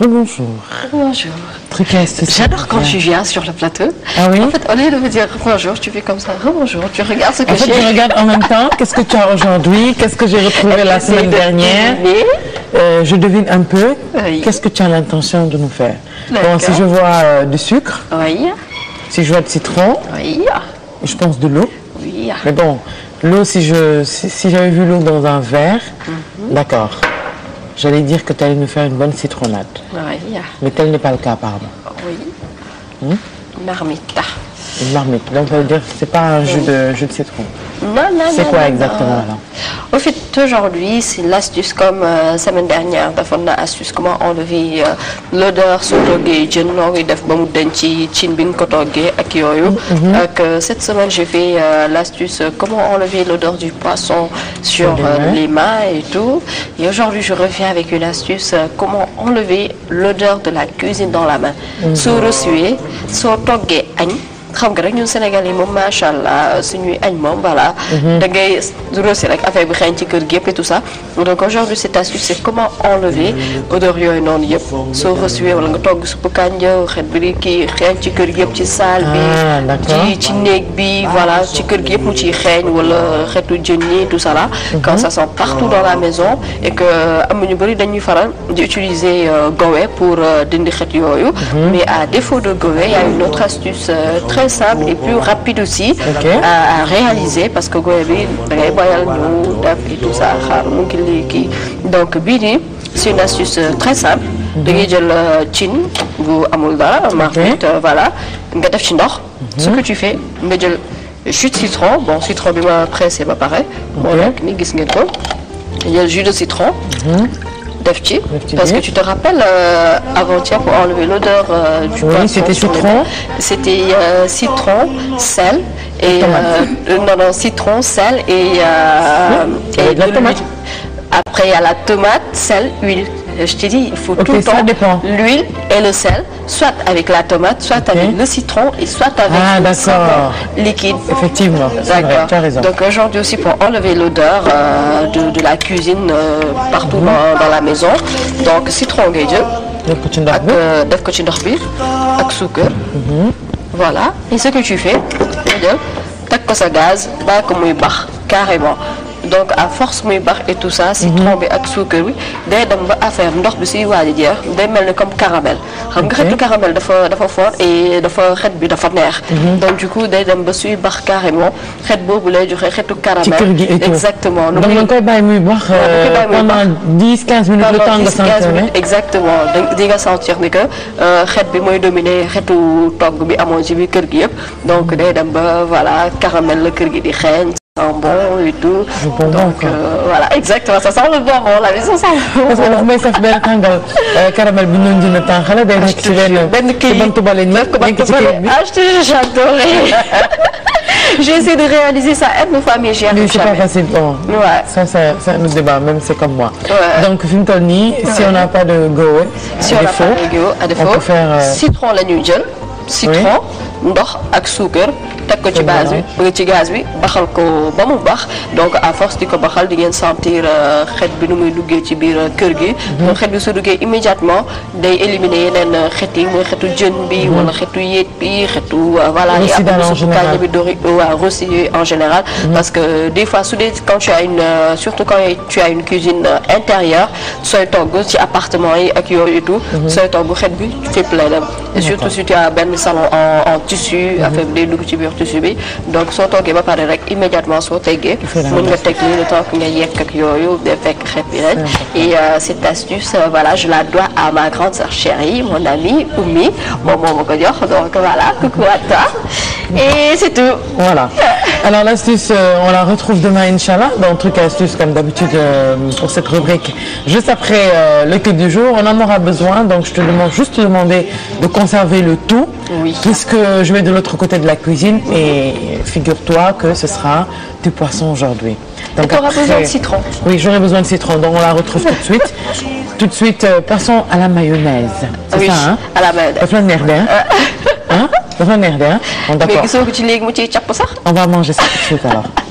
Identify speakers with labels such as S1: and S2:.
S1: Bonjour. Bonjour. J'adore quand tu
S2: viens sur le plateau. Ah oui? En fait, au lieu de me dire bonjour, tu fais comme ça, oh, bonjour, tu regardes ce que j'ai. En fait, tu regardes
S1: en même temps, qu'est-ce que tu as aujourd'hui, qu'est-ce que j'ai retrouvé la semaine dernière. Euh, je devine un peu, qu'est-ce que tu as l'intention de nous faire Bon, si je vois euh, du sucre, si je vois du citron, je pense de l'eau. Oui. Mais bon, l'eau, si j'avais si, vu l'eau dans un verre, mhm. d'accord. J'allais dire que tu allais nous faire une bonne citronnade. Mais tel n'est pas le cas apparemment. Oui. Hmm? Marmita. Donc, ça veut dire ce n'est pas un jus de, de citron.
S2: C'est quoi exactement alors Au fait, aujourd'hui, c'est l'astuce comme euh, la semaine dernière, D'abord, comment enlever euh, l'odeur sur le mhm. euh, Cette semaine, j'ai fait l'astuce comment enlever l'odeur du poisson sur les mains et tout. Et aujourd'hui, je reviens avec une astuce comment enlever l'odeur de la cuisine dans la main. Sur le sué, xam nga rek ñun Sénégal yi moom macha allah euh, suñuy añ moom voilà. Mhm. da ngay rosi rek affaire bi xeeñ ci kër gi et tout ça donc aujourd'hui c'est à suivre c'est comment enlever odeur yooyu noonu yëpp soo resuwee wala nga togg suppu kànja xet bi di kii xeeñ ci kër gi ci salle bi. Ah, ci ci néeg bi voilà ci kër gi mu ciy xeeñ wala xetu jën yi tout ça là. Mhm. quand ça sent partout dans la maison et que euh, am ñu bëri dañuy faral di utiliser euh, gowe pour dindi xet yooyu. Mhm. mais à défaut de gowe y a une autre astuce très simple et plus rapide aussi à, réaliser parce que vous avez et tout ça ah, donc bini c'est une astuce euh, très simple de de le chin bu amul marmite euh, voilà nga def mhm. ce que tu fais nga de jus de citron bon citron mais après c'est pas pareil voilà ni jus de citron mhm parce que tu te rappelles euh, avant-hier pour enlever l'odeur euh, du oui, c'était citron c'était euh, citron sel et non non citron sel et, la tomate après il y a la tomate sel huile je t'ai dit, il faut tout le temps l'huile et le sel, soit avec la tomate, soit avec le citron et soit avec ah, le liquide. Effectivement, d'accord. Donc aujourd'hui aussi pour enlever l'odeur de, la cuisine euh, partout dans, la maison donc citron ngay de def ko ci ndox euh, mhm. voilà et ce que tu fais c'est jël ça ko gaz pas comme muy bax carrément donc à force muy bax et tout ça citron bi ak suukar bi day dem ba affaire ndox bi suy waaj jeex day mel comme caramel xam nga xet caramel dafa dafa fort et dafa xet bi dafa neex mhm. donc du coup day dem ba suy bax carrément xet boobu lay joxe xetu caramel exactement donc da
S1: koy bay muy bax euh, pendant 10 15 minutes le temps nga sentir
S2: exactement di nga sentir ni que euh, xet bi moy dominer xetu togg bi amoon ci bi kër gi yep donc day dem ba voilà caramel le kër gi di xeeñ bon et tout. Donc, euh, voilà, exactement,
S1: ça sent le bon, la maison sent le ben
S2: J'ai essayé de réaliser ça aide nos facile,
S1: Ça, c'est débat, même c'est comme moi. Donc, si on n'a pas de go, si on faire... Euh, citron
S2: la nuit. citron ndox ak souker teg ko ci base bi ci gaz bi baxal ko ba mu bax donc à force di ko baxal di ngeen sentir euh, xet bi nu muy duggee ci biir euh, kër gi xet bi su duggee immédiatement day éliminer yeneen euh, xet yi mooy xetu jën bi wala xetu yéet bi xetu voilà yi am surtout bi dori waaw rossi en général parce que des fois su quand tu as une surtout quand tu as une cuisine intérieure sooy togg ci appartement yi ak yooyu et tout sooy togg xet bi fépp lay dem surtout si tu as salon en en tissu mhm. affaibli, tissu donc soit immédiatement soit mën le temps nga et euh, cette astuce euh, voilà je la dois à ma grande sœur chérie mon amie Oumi donc voilà coucou à toi et c'est tout
S1: voilà Alors l'astuce, euh, on la retrouve demain, Inch'Allah, dans Truc Astuce, comme d'habitude euh, pour cette rubrique. Juste après euh, le clip du jour, on en aura besoin, donc je te demande juste demander de conserver le tout, oui. que je vais de l'autre côté de la cuisine, et figure-toi que ce sera du poisson aujourd'hui. Donc, tu auras besoin de citron. Oui, j'aurai besoin de citron, donc on la retrouve tout de suite. tout de suite, passons à la mayonnaise. C'est ça, hein à la mayonnaise. Hein dafa neex de ah. d'accord mais gisoo
S2: ko ci léegi mu ciy capp sax.
S1: on va manger ça tout de suite alors.